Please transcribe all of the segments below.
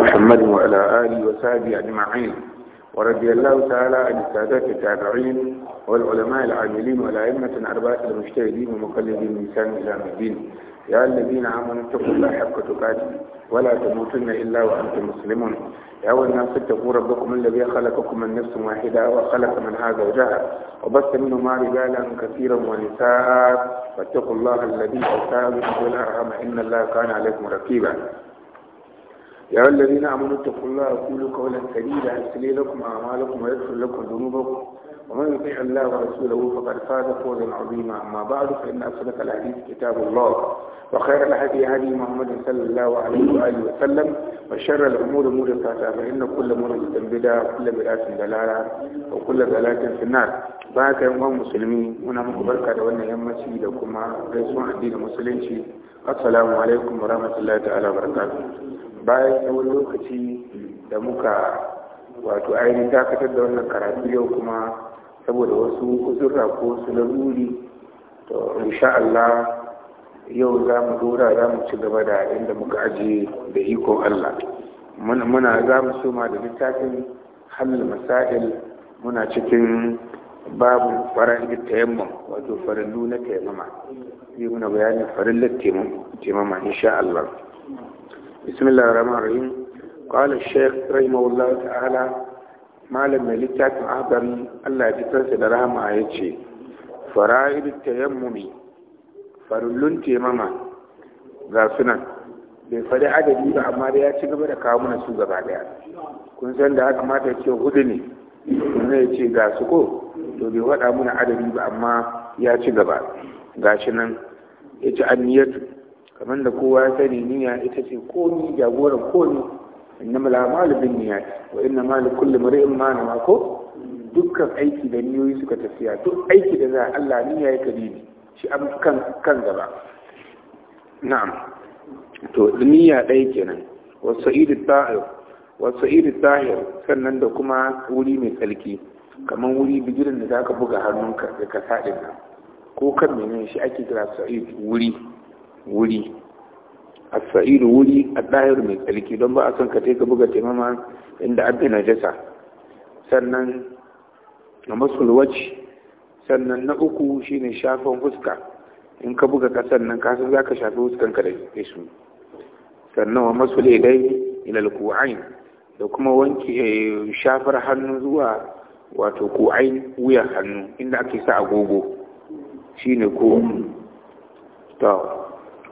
محمد وعلى آله وصحبه أجمعين ورضي الله تعالى عن السادات التابعين والعلماء العاملين والأئمة الأربعة المجتهدين ومقلدين من لسان إسلام الدين يا الذين آمنوا اتقوا الله حق تقاته ولا تموتن إلا وأنتم مسلمون يا أول الناس اتقوا ربكم الذي خلقكم من نفس واحدة وخلق من هذا وجهة وبث منهما رجالا كثيرا ونساء فاتقوا الله الذي أساء به إن الله كان عليكم رقيبا يا الذين امنوا اتقوا الله وقولوا قولا سديدا يصلح لكم اعمالكم ويغفر لكم ذنوبكم ومن يطيع الله ورسوله فقد فاز فوزا عظيما اما بعد فان اصدق الحديث كتاب الله وخير الهدي هدي محمد صلى الله عليه واله وسلم وشر الامور محدثاتها فان كل محدثه بدعه وكل بدعه دلاله وكل دلاله في النار baka yan المسلمين هنا muna muku barka da wannan yammaci da المسلمين gaisuwan addinin musulunci assalamu alaikum warahmatullahi bayan yi wani lokaci da muka wato ainihin dakatar da wannan karatu yau kuma saboda wasu uzurra ko su laruri to insha Allah yau za mu dora za mu ci gaba da inda muka ajiye da ikon Allah muna za mu soma da littafin hannun masail muna cikin babu farin tayammum wato farin na tayammama yi muna bayanin littafin tayammama insha Allah بسم الله الرحمن الرحيم قال الشيخ رحمه الله malam mai littafin agari Allah ya kansa da rahama ya ce fara'id tayammumi farullun temama ga sunan bai faɗi adadi ba amma da ya ci gaba da kawo mana su gaba daya kun san da haka mata ce hudu ne kun ya ce ga ko to bai faɗa mana adadi ba amma yaci ci gaba gashi nan ya ci an kamar da kowa ya sani niyya ita ce komi jagoran komi innama la malu bin niyyat wa inna li kulli mar'in ma na ko dukkan aiki da niyoyi suka tafiya duk aiki da za Allah niyya ya ni shi an kan kan gaba na'am to niyya ɗaya kenan wa sa'idu ta'ir wa sa'idu ta'ir sannan da kuma wuri mai tsarki kamar wuri bijirin da zaka buga hannunka da ka sadin nan ko kan menene shi ake kira sa'id wuri wuri a sa'iru wuri a ɗahiru mai tsarki don ba a son ka ka buga taimama inda abin jasa sannan a masulwaci sannan na uku shi ne shafin fuska in ka buga ka nan kasu za ka shafi fuskanka da su sannan wa masul dai, ilal ku'ain da kuma wanke eh, shafar hannu zuwa wato ku'ain wuyan hannu inda ake sa agogo ne ko to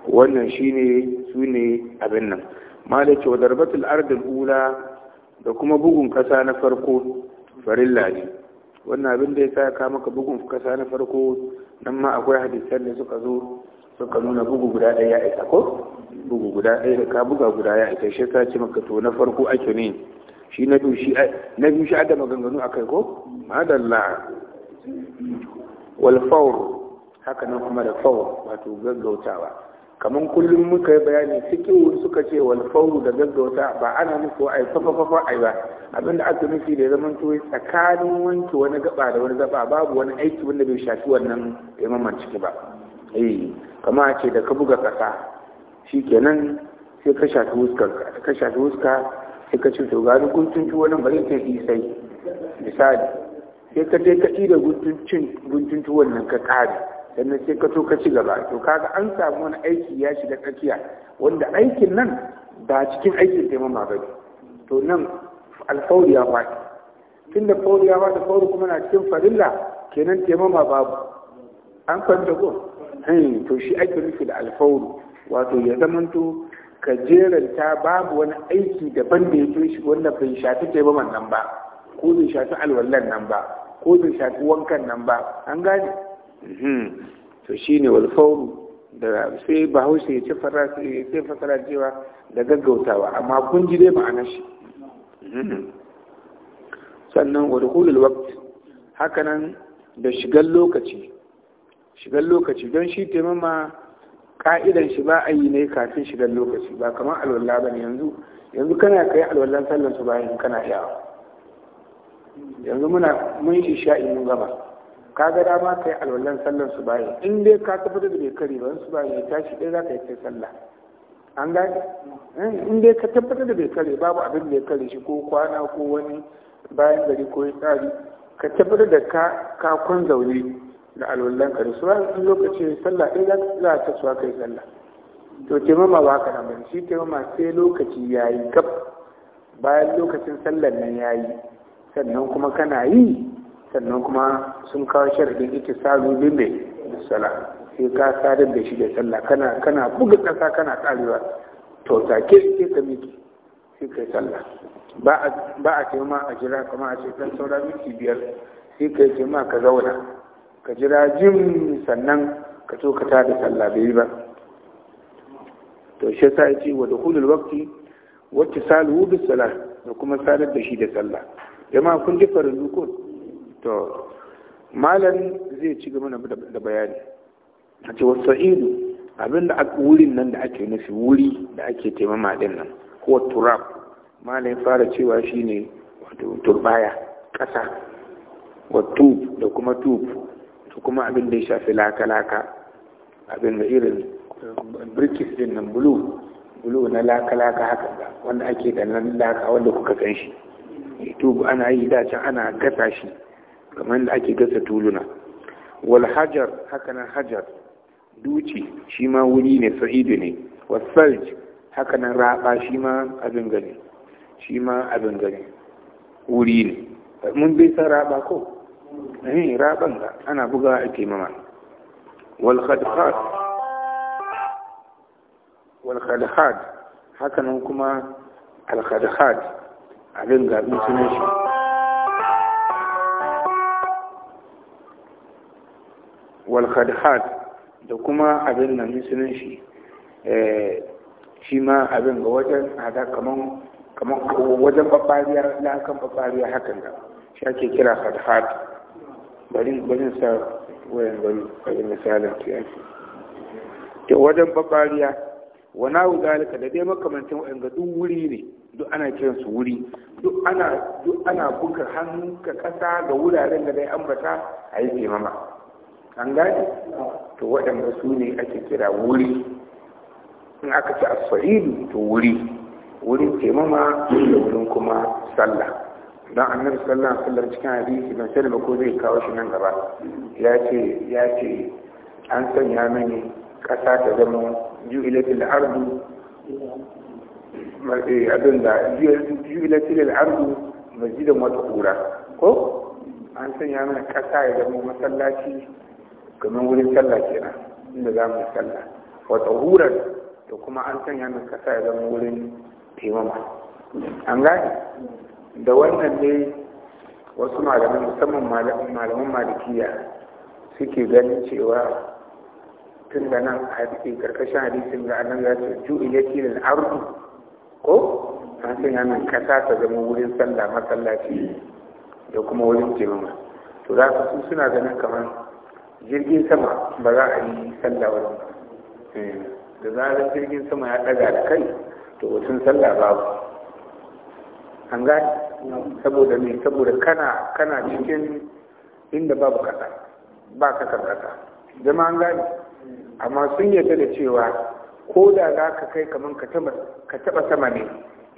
wannan shine su ne abin nan malaki wa darbatul ardin ula da kuma bugun kasa na farko farilla ne wannan abin da ya sa ka maka bugun kasa na farko nan ma akwai hadisan da suka zo suka nuna bugu guda ɗaya a isa ko bugu guda ɗaya da ka buga guda ya isa shi ta ce maka to na farko ake ne shi na biyu shi na biyu shi ada maganganu akai ko madalla wal fawr haka nan kuma da fawr wato gaggautawa kamar kullum muka yi bayani cikin suka ce wal fawru da gaggauta ba ana nufi ai fafafafa ai ba abinda aka nufi da zaman to tsakanin wanke wani gaba da wani gaba babu wani aiki wanda bai shafi wannan imaman ciki ba eh kamar a ce da ka buga kasa kenan sai ka shafi wuskar ka shafi wuska sai ka ce to ga ni guntun ci wani bari ta sai misali sai ka je ka ida guntun cin guntun ci wannan ka kare sannan sai ka to ka ci gaba to kaga an samu wani aiki ya shiga tsakiya wanda aikin nan ba cikin aikin taimama ba to nan alfauri ya faɗi tun da fauri ya faɗi fauri kuma na cikin farilla kenan taimama babu an kwanta ko to shi ake nufi da alfauri wato ya zamanto ka jeranta babu wani aiki daban da ya shi wanda bai shafi taimaman nan ba ko bai shafi alwallan nan ba ko bai shafi wankan nan ba an gane to shi ne fawru da sai bahaushe ya ce fara sai fasara cewa da gaggautawa amma kun ji dai ma'anar shi sannan wadda dukhulul wakti hakanan da shigar lokaci shigar lokaci don shi taimama ka'idan shi ba a yi ne kafin shigar lokaci ba kamar alwallah ba ne yanzu yanzu kana kai alwallan sallan su bayan kana yawa yanzu muna mun isha'i mun gaba ka ga dama kai alwallan sallar su bayan in dai ka tabbatar da bai kari ba su bayan ya tashi ɗaya za ka yi kai sallah an gane eh, in dai ka tabbatar da bai kare babu abin da ya kare shi ko kwana ko wani bayan gari ko ya tsari ka tabbatar da ka ka kun zaune da alwallan ka da su bayan in lokaci sallah ɗaya za ta suwa kai sallah to taimama ba ka nan shi taimama sai lokaci ya yi gab bayan lokacin sallar nan ya yi sannan kuma kana yi sannan kuma sun kawo sharadin ita salu bin mai sala sai ka sadar da shi da sallah kana kana buga ƙasa kana tsarewa to ke sai ka miki sai kai sallah ba a ce ma a jira kuma a ce ɗan saura miki biyar sai kai ce ma ka zauna ka jira jim sannan ka so ka tada sallah bai ba to shi sa ce wa dukhulul waqti wa ittisaluhu bis salah da kuma sadar da shi da sallah jama'a kun ji farin ko to malam zai ci gaba da bayani a ce wasu idu abinda wurin nan da ake nufi wuri da ake taimama din nan ko turab malam fara cewa shine wato turbaya kasa wa da kuma tub da kuma abin da ya shafi laka-laka abin da irin brikis din nan bulu bulu na laka-laka haka wanda ake da nan laka wanda kuka san shi tub ana yi da can ana gasa shi kamar da ake gasa tuluna wal hajar hakanan hajar duci shi ma wuri ne sa'idu ne wasalj hakanan raba shi ma abin gani shi ma abin gani wuri ne mun bai san raba ko eh raban ga ana bugawa a mama wal khadkhad wal khadkhad hakanan kuma al khadkhad abin gani sunan shi walhadhad da kuma abin nan musulun shi eh, shi ma abin ga wajen hada kaman kaman wajen babbariya kan babbariya hakan da shi ake kira hadhad bari bari sa wayan bari bari misalin tiyaki to wajen babbariya wana wu zalika da dai makamantan wayan ga duk wuri ne duk ana kiran su wuri duk ana duk ana buka hannu ka kasa ga wuraren da dai ambata a yi mama an gane to waɗanda su ne ake kira wuri in aka ci asfa'idu to wuri wurin taimama da wurin kuma sallah don nan Sallah alaihi wasallam cikin hadisi don sani ba ko zai kawo shi nan gaba ya ce ya ce an sanya mini ƙasa ta zama ju'ilatil ardu eh, abin da ju'ilatil ardu masjidan wata kura ko an sanya mini ƙasa ya zama masallaci kamar wurin sallah kenan inda za mu yi sallah wa tsohuran da kuma an sanya min kasa ya zama wurin taimama an gani da wannan ne wasu malaman musamman malaman malikiya suke ganin cewa tun da nan a hadisi karkashin hadisin da annan za su ju kilin arzu ko an sanya min kasa ta zama wurin sallah masallaci da kuma wurin taimama to za su suna ganin kamar jirgin sama ba za a yi sallah ba eh, da zarar jirgin sama ya daga da kai to mutum sallah babu an gani saboda mai saboda kana kana cikin inda babu kasa ba ka kan kasa zama an gani amma sun yarda da cewa ko da za ka kai kamar ka taba sama ne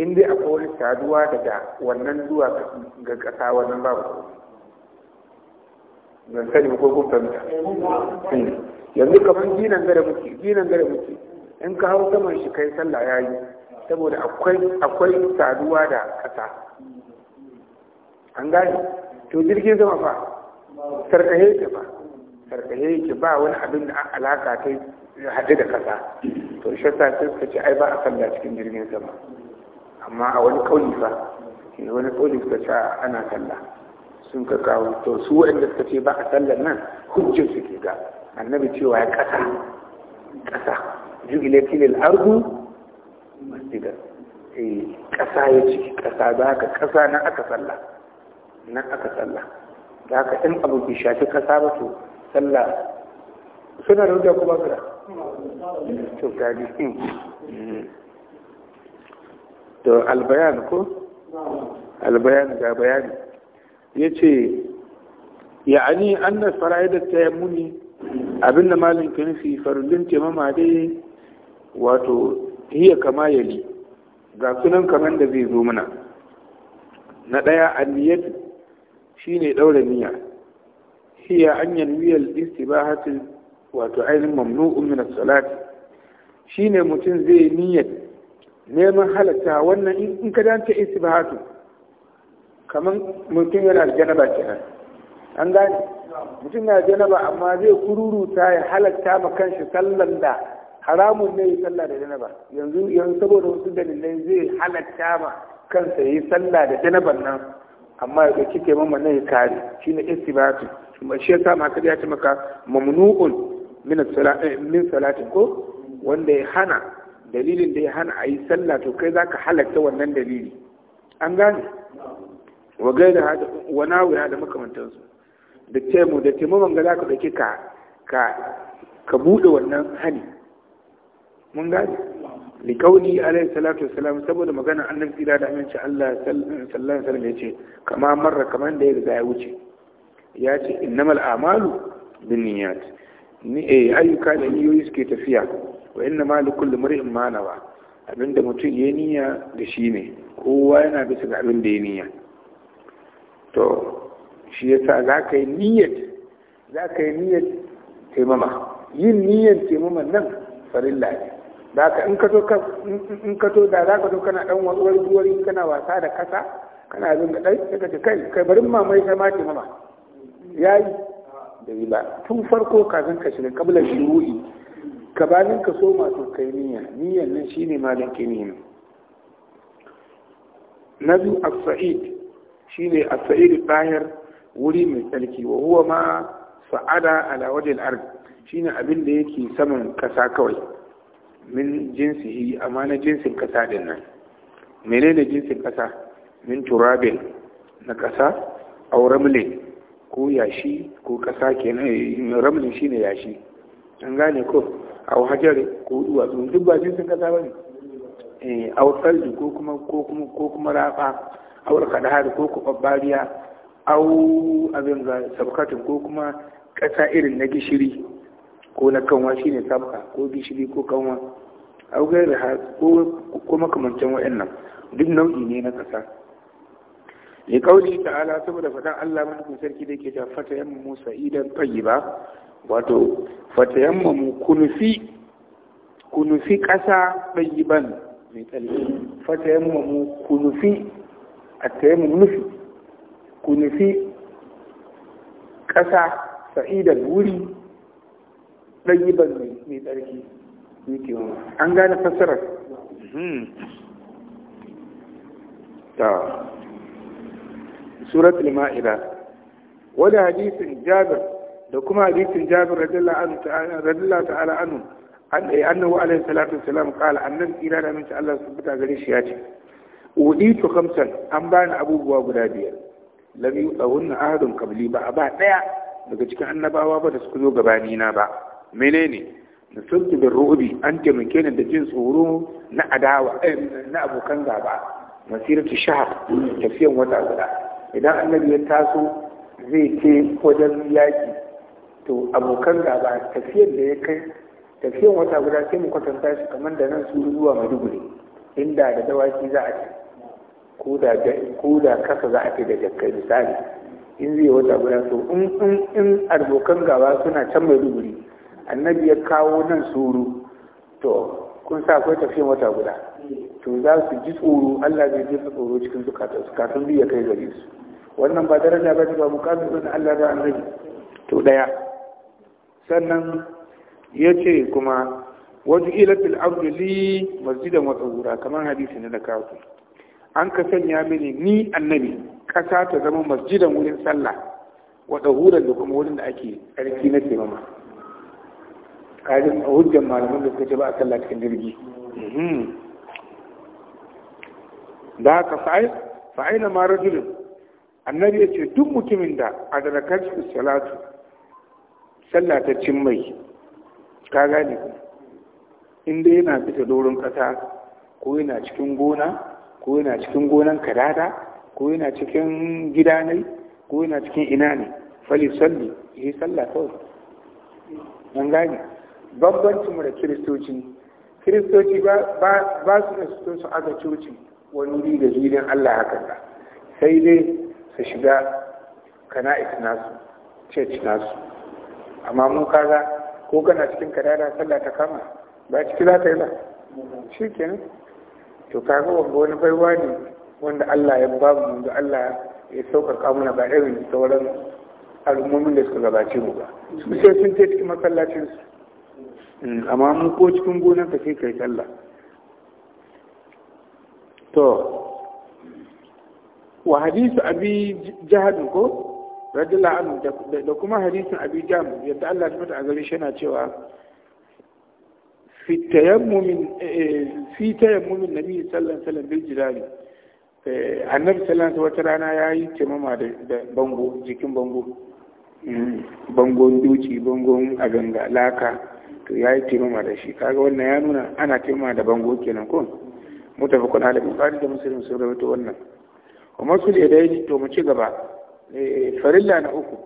in dai akwai wani saduwa daga wannan zuwa ga kasa wannan babu ban sani ko kun fahimta hmm. yanzu kamar ginan gare muke ginan gare muke in ka hau saman shi kai sallah ya yi saboda akwai saduwa da ƙasa an gani to jirgin sama fa sarkahe ke fa sarkahe ke ba wani abin da alaka ta haɗu da ƙasa to shi sa sai suka ce ai ba a sallah cikin jirgin sama amma a wani kauli fa wani kauli suka ce ana sallah sun ka kawo to su wanda suka ce ba a sallar nan hujjar su ke ga annabi cewa ya kasa kasa jubilatil al-ardu masjidan eh ƙasa ya ce ƙasa, ba ka ƙasa nan aka sallah nan aka sallah da ka ɗin abu bi shafi ƙasa ba to sallah suna da hujja kuma gara su da to gadi to albayan ko albayan ga bayani Ya ce, ya'ani anna yi muni abinda malin ka nufi farillin taimama dai wato hiya kama yali ga sunan kaman da zai zo mana na daya Shi ne daura niyya hiya an yanwiya ba wato ainihin mamnu'un min salati Shi ne mutum zai niyyar neman halatta wannan in ka dace istibahatu kamar mutum yana da janaba kenan an gane mutum yana da janaba amma zai kururuta ya halatta ma kanshi sallan da haramun ne yi sallah da janaba yanzu yanzu saboda wasu dalilai zai halatta ma kansa ya yi sallah da janaban nan amma ya ɗauki mamman nan ya kare shi shine istibatu shi ya sa ma ya ci maka mamnu'un eh, min salatin ko wanda ya hana dalilin da ya hana a yi sallah to kai za ka halatta wannan dalili an gane wa gaira hada wa nawiya da makamantansu da taimu da taimakon ga za ka ɗauki ka ka buɗe wannan hani mun li kauli alayhi salatu wassalam saboda magana annabi tsira da aminci Allah sallallahu alaihi wasallam yace kama marra kaman da ya riga ya wuce ya ce innamal a'malu binniyat ni eh ayyuka da niyoyi suke tafiya wa inna ma kulli mar'in ma nawa abinda mutum ya niyya da shi ne kowa yana bisa ga abin da ya niyya to shi yasa za ka yi niyyar za ka yi niyyar taimama yin niyyar taimama nan farilla ne za ka in ka to da za ka to kana dan wasuwar duwari kana wasa da kasa kana zin da dai ka ce kai kai bari mamai sai ma taimama yi da yi ba tun farko kafin ka shiga kabla shuru'i gabanin ka so masu kai niyya niyyar nan ne malam kiniyin na biyu a said ne a sa'iri ɗahir wuri mai tsarki wa huwa ma sa'ada ala wajhil shi shine abin da yake saman kasa kawai min jinsihi amma na jinsin kasa din nan na jinsin kasa min turabin na kasa a ramlin ko yashi ko kasa eh, ramle shi ne yashi an gane ko a hajar ko duwatsu duk ba jinsin kasa ba ne? Eh, a salji ko kuma ko kuma ko kuma rafa awar kadahar ko kuma bariya au abin ga sabkatin ko kuma ƙasa irin na gishiri ko na kanwa shine sabka ko gishiri ko kanwa au da ko makamancin wayannan duk nau'i ne na ƙasa li kauli ta'ala saboda fadan Allah madaukakin sarki da yake ta Musa idan tayyiba wato mu kunufi kunufi ƙasa tayyiban mai tsarki mu kunufi التيمم نفي nufi ƙasa sa'idar wuri ɗayiban mai tsarki yake an gane fassarar ta surat al-ma'ida wadda hadisin jabir da kuma hadisin jabir radiyallahu ta'ala anhu an ɗaya eh, annahu alaihi salatu wasalam qala annabi ira da minta Allah subhanahu wa ta'ala gare shi ya ce uditu khamsan an bani abubuwa guda biyar lam wannan ahadun qabli ba a ba daya daga cikin annabawa ba da suka zo gabani na ba menene nasabtu bin ru'ubi an taimake ni da jin tsoro na adawa eh, na abokan gaba masiratu shahar tafiyan wata guda idan annabi ya taso zai ce wajen yaki to abokan gaba tafiyan da ya kai tafiyan wata guda sai mu kwatanta shi kamar da nan su zuwa maiduguri inda da dawaki za a ce ko da kasa za a ce da jakkai misali in zai wata guda so in in in abokan gaba suna can mai duburi annabi ya kawo nan tsoro to kun sa akwai tafiyan wata guda to za su ji tsoro Allah zai ji tsoro cikin zukatan su kafin biya kai gare su wannan ba daraja ba ce ba mukamin don Allah da annabi to daya sannan ya ce kuma wajen ilatul abduli masjidan wata kamar hadisi na da an ka sanya mini ni annabi ƙasa ta zama masjidan wurin sallah wata huran da kuma wurin da ake tsarki na taimama kajin a hujjan malaman da suka ce ba a sallah cikin jirgi mhm. da haka fa'ina mara jirin? annabi ya ce duk mutumin da a darakar salatu sallah ta cin mai ka gane Inda yana fita doron ƙasa ko yana cikin gona ko yana cikin gonan kadada ko yana cikin gida ne ko yana cikin ina ne fali salli yi sallah kawai an gane babbancin mu da kiristoci kiristoci ba su da su su aka coci wani wuri da filin allah haka ba sai dai su shiga kana kana'is nasu church nasu amma mun kaza ko kana cikin kadada sallah ta kama ba ciki za ta yi ba shi kenan to kaga wanda wani baiwa ne wanda Allah ya babu mu da Allah ya sauƙaƙa mana ba irin sauran al'ummomin da suka gabace mu ba su sai sun je cikin masallacin su mm, amma mu ko cikin gonar ka sai kai sallah to wa hadisu abi jahadin ko radiyallahu anhu da kuma hadisin abi jam yadda Allah ya tabbata a gare shi yana cewa في تيمم في تيمم النبي صلى الله عليه وسلم بالجلال عن النبي صلى wata rana ya yi cimama da bango jikin bango bangon doki bangon a ganga laka to ya yi cimama da shi kaga wannan ya nuna ana cimama da bango kenan ko mutafakun ala bukari da musulun sun rawaito wannan wa masu ladaini to mu ci gaba farilla na uku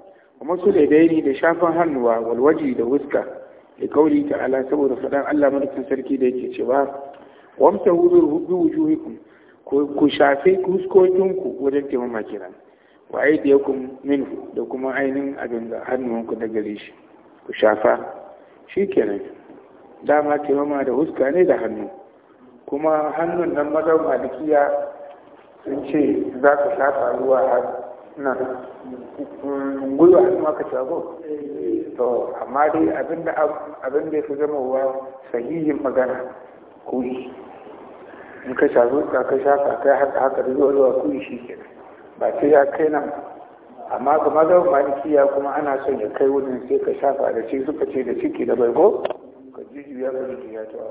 wa masu ladaini da shafan hannuwa walwaji da wuska da kauri ta ta'ala saboda faɗan Allah madaukakin sarki da yake cewa wamsa huzur bi wujuhikum ku shafe kuskokinku wajen taimama kiran wa aidiyakum minhu da kuma ainihin abin da hannuwanku da gare shi ku shafa shi kenan dama taimama da huska ne da hannu kuma hannun nan mazan malikiya sun ce za ku shafa ruwa har na gwiwa sun aka ci to amma dai abin da ya fi zama wa sahihin magana kuyi in ka shazo ka ka shafa kai haka haka da zuwa zuwa kuyi shi ke ba sai ya kai nan amma kuma da malikiya kuma ana son ya kai wurin sai ka shafa da shi suka ce da ciki da bai ko ka jijiya ka jijiya to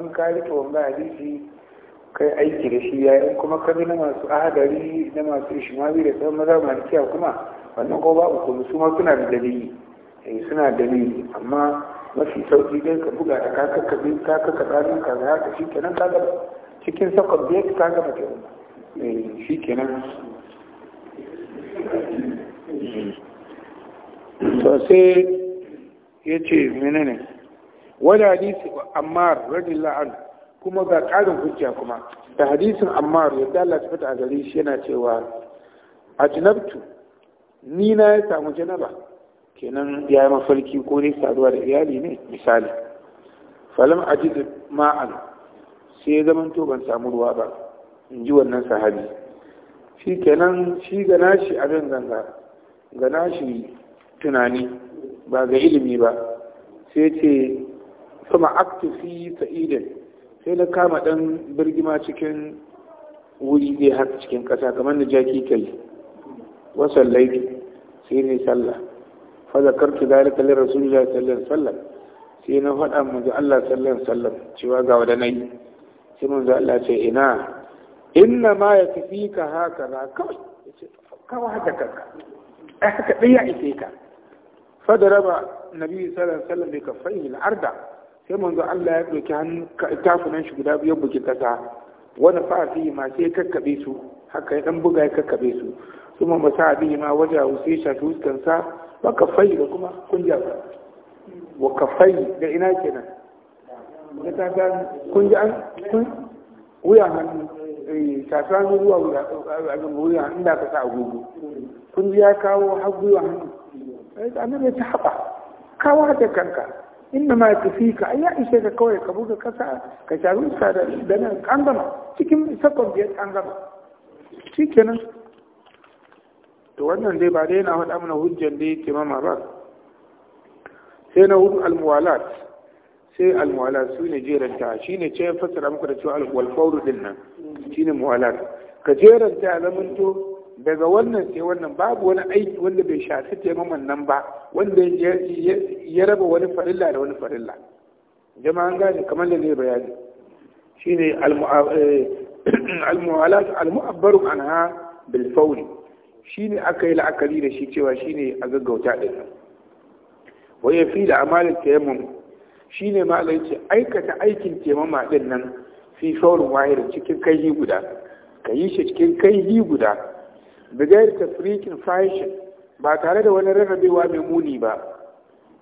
in ka rike wanga hadisi kai aiki da shi yayin kuma kabi na masu ahadari na masu ishimali da sauran maza malikiya kuma wannan ko babu kuma su ma suna da dalili eh suna da dalili amma mafi sauki dai ka buga da kaka ka bi kaka ka tsarin ka za ka shikenan ka ga cikin sakon biyar ka ga mace eh shikenan to sai yace menene wani hadisi ammar radiyallahu anhu kuma ga ƙarin hujja kuma da hadisin ammar yadda Allah ta fita a gare shi yana cewa ajnabtu ni na ya samu janaba kenan ya yi mafarki ko ne saduwa da iyali ne misali falam ajid ma'an sai ya zama to ban samu ruwa ba in ji wannan sahabi shi kenan shi ga nashi abin ganga ga nashi tunani ba ga ilimi ba sai ce kuma aktu fi sa'idin sai na kama ɗan birgima cikin wuri ne har cikin ƙasa kamar da jaki kai wasan laifi sai ne sallah fa karki dalika li rasulillahi sallallahu sallar sallar. sai na faɗa manzo Allah sallar sallar. cewa ga wada yi sai manzo Allah ce ina inna ma ka haka na kawai kawai haka kanka ai haka ɗaya ya ka fa daraba nabi sallallahu alaihi bai bi kaffaihi arda sai manzo Allah ya doki hannu tafunan shi guda biyu buki kasa wani fa fi ma sai kakkabe su haka ya dan buga ya kakkabe su kuma masa bihi ma waja sai shafi fuskan sa wa kafai da kuma kunja wa kafai da ina kenan da ta ga kunja an wuya hannu eh, shafi hannu zuwa wuya eh, hannu da ka sa agogo kunji ya kawo har gwiwa hannu eh, annabi ta haba kawo haka kanka inna ma ka ai ya ishe ka kawai ka buga kasa ka sharu iska da nan an cikin sakon biyar an shi kenan to wannan dai ba dai yana faɗa mana hujjan da yake mama ba sai na hudu almuwalat sai almuwalat su ne jeranta shi ne ce fassara muku da cewa alwalfauru din nan shi ne muwalat ka jeranta zamanto daga wannan sai wannan babu wani aiki wanda bai shafi taimaman nan ba wanda ya raba wani farilla da wani farilla jama'an gane kamar da zai bayani shi ne eh, almu'alat almu'abbaru anha bil fawli shi ne aka yi la'akari da shi cewa shi ne a gaggauta ɗin Waye ya fi da amalin taimun shi ne ce aikata aikin taimama ɗin nan fi faurin wahiri cikin kaihi guda ka yi shi cikin kaihi guda bigayar tafrikin fashin ba tare da wani rarrabewa mai muni ba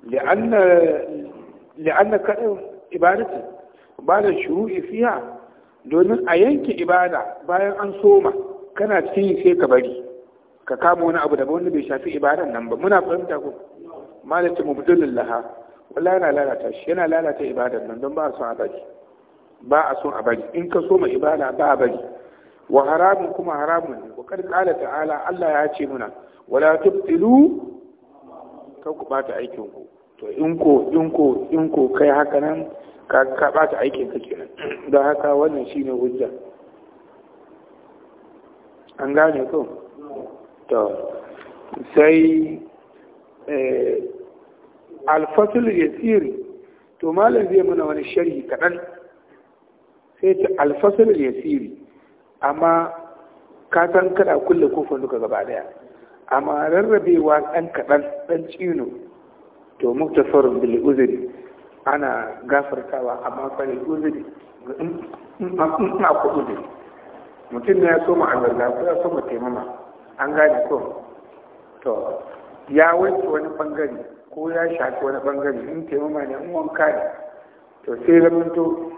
li'anna kaɗin ibadati ba da shuru'i fiya domin a yanke ibada bayan an soma kana cikin sai ka bari ka kama wani abu da wanda bai shafi ibadan nan ba muna fahimta ko malaka mubdulul laha Wala yana lalata shi yana lalata ibadan nan don ba a son a bari ba a son a bari in ka soma ibada ba a bari wa haramun kuma haramun ne wa kala ta'ala Allah ya ce muna wala tubtilu ka ku bata aikin ku to in ko in ko in ko kai haka nan ka ka bata aikin ka kenan don haka wannan shine hujja an gane ko to sai eh al-fasl yasir to malam zai mana wani sharhi kadan sai ta al-fasl yasiri amma ka san kada kulle kofin duka gaba daya amma rarrabewa ɗan kaɗan ɗan cino to muktasarun bil uzri ana gafartawa amma fari uzri ma ku uzri mutum ne ya so mu azarga ko ya so ma taimama an gane ko to ya wanke wani bangare ko ya shafi wani bangare in taimama ne in wanka ne to sai zamanto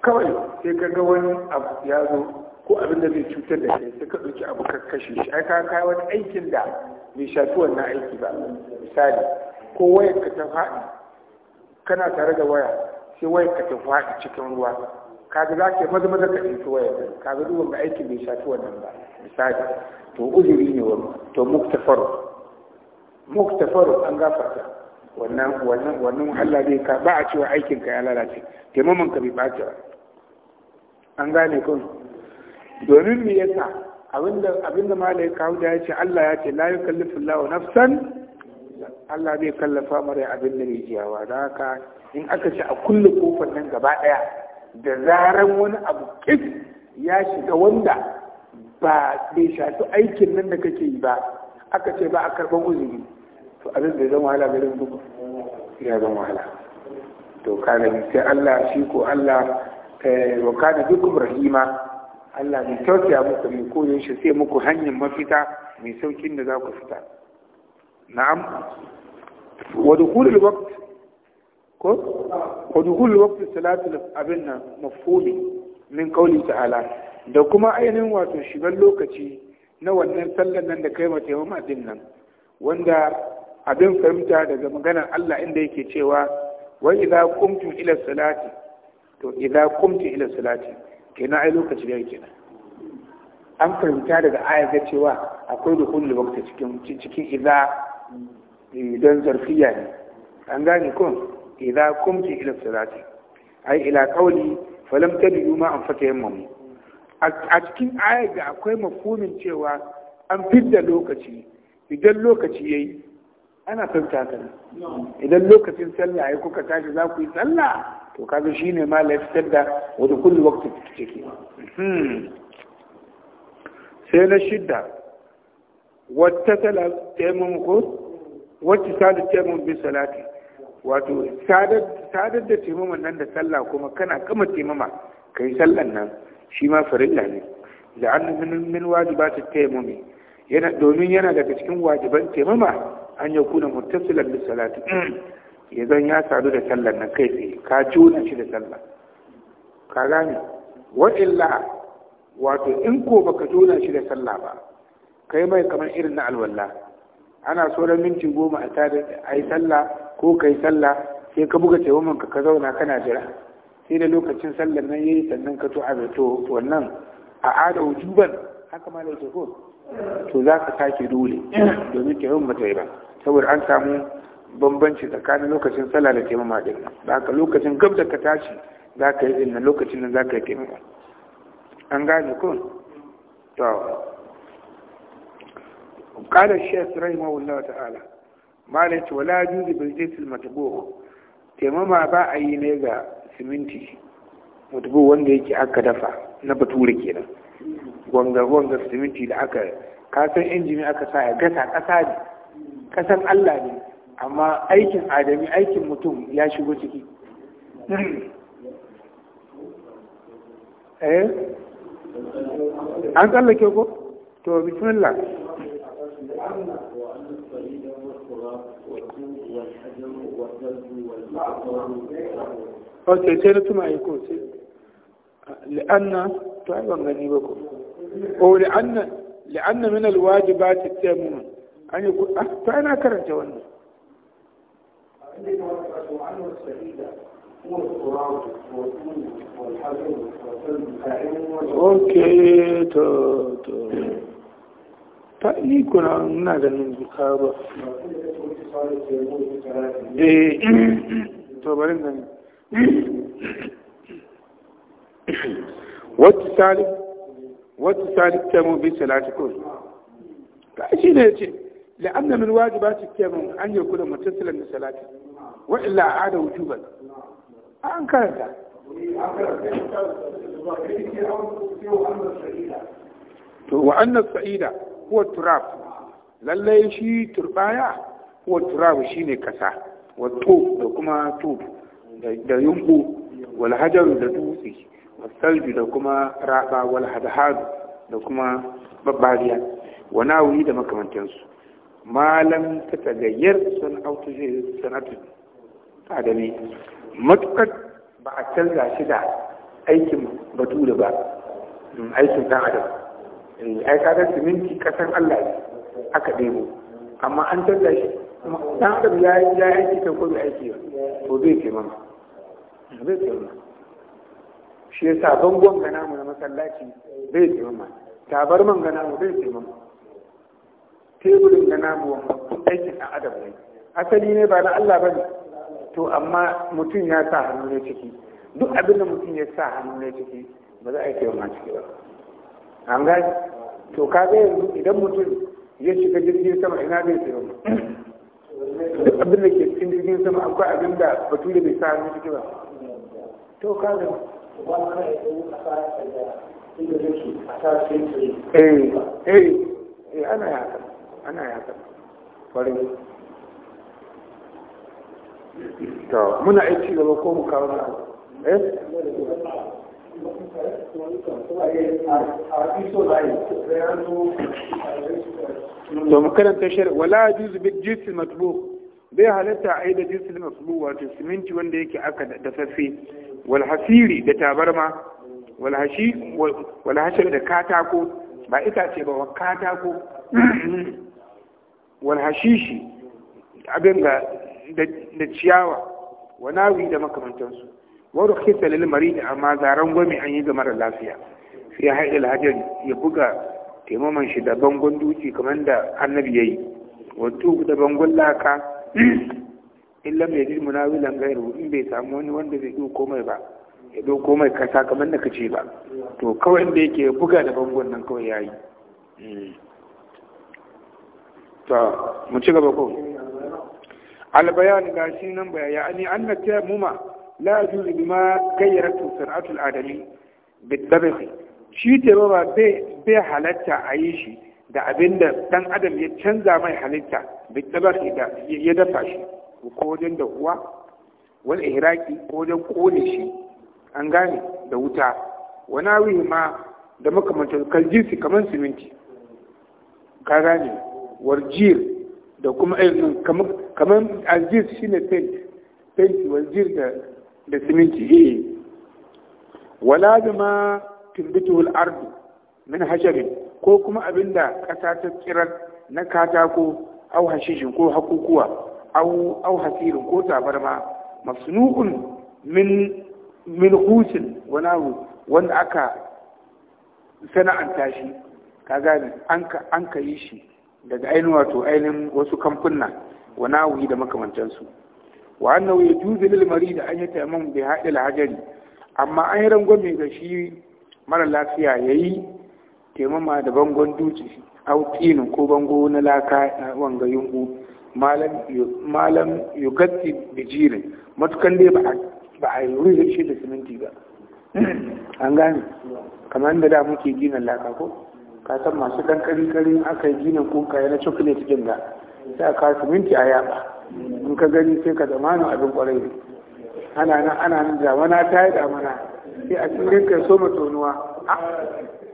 kawai sai ka ga wani abu ya zo ko abin da zai cutar da kai suka ɗauki abu ka kashe shi ai ka kai wani aikin da bai shafi wannan aiki ba misali ko wayar ka ta faɗi kana tare da waya sai wayar ka ta faɗi cikin ruwa kaga za ka yi maza maza ka ɗauki wayar kaga duk wanda aikin bai shafi wannan ba misali to uzuri ne wani to muktafaru muktafaru an gafarta wannan wannan wannan Allah zai ka ba a cewa aikin ka ya lalace taimaman ka bai ba. an gane kun domin me yasa abinda abinda malai kawo da ya ce Allah ya ce la yukallifu Allahu nafsan Allah zai kallafa mara abin da bai iyawa da haka in aka ce a kulle kofar nan gaba daya da zaran wani abu kif ya shiga wanda ba bai shafi aikin nan da kake yi ba aka ce ba a karban uzuri to abin da zan wahala garin duk ya zan wahala to kana sai Allah shi ko Allah eh, wa kana duk rahima Allah mai tausaya muku mai koyon shi sai muku hanyar mafita mai saukin da za ku fita na'am wa kulul waqt ko wa kulul waqt salatu abin nan mafhumi min qawli ta'ala da kuma ainihin wato shigar lokaci na wannan sallar nan da kai mata yawan abin nan wanda abin fahimta daga maganar Allah inda yake cewa wa idza qumtum ila salati to idza qumtum ila salati kenan ai lokaci yayi kenan an fahimta daga aya ga cewa akwai da kullu wakta cikin cikin idza idan zarfiya ne an gane kun idza kumti ila salati ai ila qawli falam tadu ma an fata yammamu a cikin aya ga akwai mafhumin cewa an fidda lokaci idan lokaci yayi ana fahimta haka idan lokacin sallah ya kuka tashi za ku yi sallah to kaga ne ma laifitar da wani kullu wakti ciki hmm. sai na shidda wata tala taimun ko wacce sadar taimun bi salati wato sadar da taimun nan da sallah kuma kana kama taimama kai sallan nan shi ma farilla ne da annu min ta taimun yana domin yana daga cikin wajiban taimama an kuna mutasilar bi salati hmm. ya ya sadu da sallar na kai tsaye ka juna shi da sallar ka gane wa illa wato in ko baka juna shi da sallah ba kai mai kamar irin na alwala ana so da minti goma a tare a yi sallah ko ka yi sallah sai ka buga taimakon ka zauna kana jira sai da lokacin sallar nan yayi sannan ka to a zato wannan a ada wujuban haka ma da to za ka sake dole domin taimakon ta yi ba saboda an samu bambanci tsakanin lokacin sallah da taimama din nan da haka lokacin gab da ka tashi za ka yi inna lokacin nan za ka yi taimama an gane ko to qala shaykh rahimahullah ta'ala ya ce wala juzu bil jisil matbu taimama ba a yi ne ga siminti matbu wanda yake aka dafa na bature kenan gwanga gwanga siminti da aka kasan injini aka sa ya gasa kasa ne kasan Allah ne amma aikin adami aikin mutum ya shigo ciki eh an tsallake ko to bismillah ok sai na tuma yi ko sai li'anna to ai ban gani ba ko o li'anna li'anna min alwajibati tayammum an yi ku ah to ana karanta wannan اللي توقفت عنه السبيلة والتراب والطين والحجر والفاعل اوكي تو تو تأليكنا عن من الكتابة ايه تو برين واتصال واتصال التمو بسلعة كل كأشي نجي لأن من واجبات التيمم أن يكون متصلا بصلاته وإلا عاد وجوبا an karanta to wa'annan sa'ida huwa turab lallai shi turbaya huwa turab shine kasa wa tub da kuma da wal hajar da dutse wa salju da kuma raba wal hadhad da kuma babbariya wa nawi da makamantansu malam ta tagayyar sana'atu sana'atu adami matukar ba a canza shi da aikin da ba mm, aikin dan adam eh, ai ga siminti kasan Allah ne aka debo amma an canza shi dan adam ya yi ya aiki kan ko aiki ba to zai taimama zai taimama shi yasa bangon gana mu na masallaci zai taimama man gana mu zai taimama teburin na namu wannan aikin a adam ne asali ne ba na Allah ba ne to amma mutum ya sa hannu ne ciki duk abin da mutum ya sa hannu ne ciki ba za a yi kewa ciki ba an gani to ka ga yanzu idan mutum ya shiga jirgin sama ina zai ba duk abin da ke cikin jirgin sama akwai abin da bature bai sa hannu ciki ba to ka ga eh, eh, eh ana yaka ana ya farin to muna aiki gaba ko mu kawo na eh to mu karanta shari'a wala juzu bi jinsi matbu bai halatta a yi da jinsi matbu wato siminti wanda yake aka da tafafi. wal hasiri da tabarma wal hashi wal hashar da katako ba ita ce ba wa katako Wani hashishi abin ga da ciyawa wa nawi da makamantansu wa rukhisa lil da amma zaren gwami an yi ga mara lafiya fi haɗe hajar ya buga taimaman shi da bangon duki kamar da annabi yayi yi wato da bangon laka illa mai jin munawilan gairu in bai samu wani wanda zai ɗauko komai ba ya ɗauko komai kasa kamar da kace ba to kawai da yake buga da bangon nan kawai ya yi. Hmm. ta mu ci gaba ko albayan ga shi nan bayani yani anna muma la yajuz bima gayyara sana'atul adami bidabi shi ba bai bai halatta a yi shi da abinda dan adam ya canza mai halitta bidabi da ya dafa shi ko wajen da uwa wal ihraqi ko wajen kone shi an gane da wuta wani ma da makamantar kaljinsi kamar siminti ka gane warjir da kuma kamar aljir shi ne fenti warjir da siminti eh wala da tumbitu al ardu min hasharin ko kuma abinda kasa ta tsirar na katako au hashishin ko hakukuwa au hasirin ko tabarma masnu'un min min wani wanda aka sana'anta shi ka gane an ka yi shi daga ainihin wato ainihin wasu kamfuna wa nawi da makamantansu wa annahu yajuzu lil marid an bai bi hadil hajari amma an yi rangwame ga shi mara lafiya yayi taimama da bangon duci au tinin ko bango na laka wanga yungu malam yugatti bijirin matukan dai ba a yi rufe shi da siminti ba an gane kamar da da muke gina laka ko san masu ɗan ƙari-ƙari aka yi ginin kuka na cokulet din da sai a kawo siminti a yaba in ka gani sai ka zamanin abin kwarai ne ana nan ana nan damana ta yi mana sai a cikin kai soma tonuwa ah,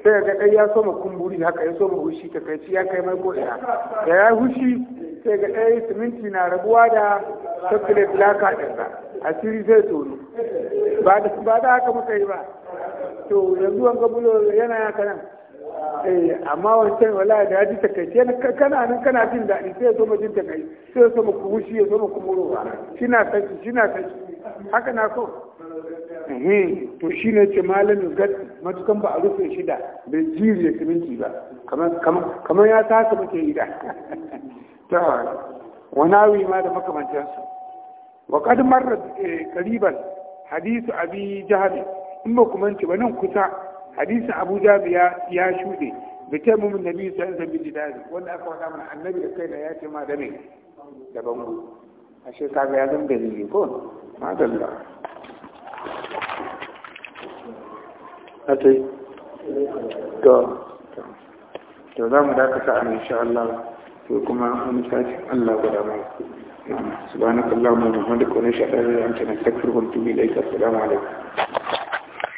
sai ga ɗaya ya soma kumburi haka ya soma hushi ta kai ya kai mai ko ina da ya hushi sai ga ɗaya siminti na rabuwa da chocolate laka ɗin ba siri zai tono ba da haka muka yi ba to yanzu an gabulo yana yaka nan eh amma wancan wala da ji takaice kana nan kana jin daɗi sai ya zo jin takai sai ya zo mu kushi ya zo mu kumurowa shina sanci shina sanci haka na so to shi ne ce malamin gad matukan ba a rufe shi da bai jiri da siminti ba kamar ya tasa muke yi da ta wani ma da makamancinsu wa kad marra eh, kariban hadisu abi jahali in ba kuma ci ba nan kusa hadisin abu jami ya shuɗe da ta mumin nabi sai da bi didari wanda aka faɗa mana annabi da kai da ya ce ma da me da bango ashe kaga ya zama dalili ko madalla atai to to za mu dakata a insha Allah to kuma an tashi Allah guda mai سبحانك اللهم وبحمدك ونشهد ان لا اله الا انت نستغفرك ونتوب اليك السلام عليكم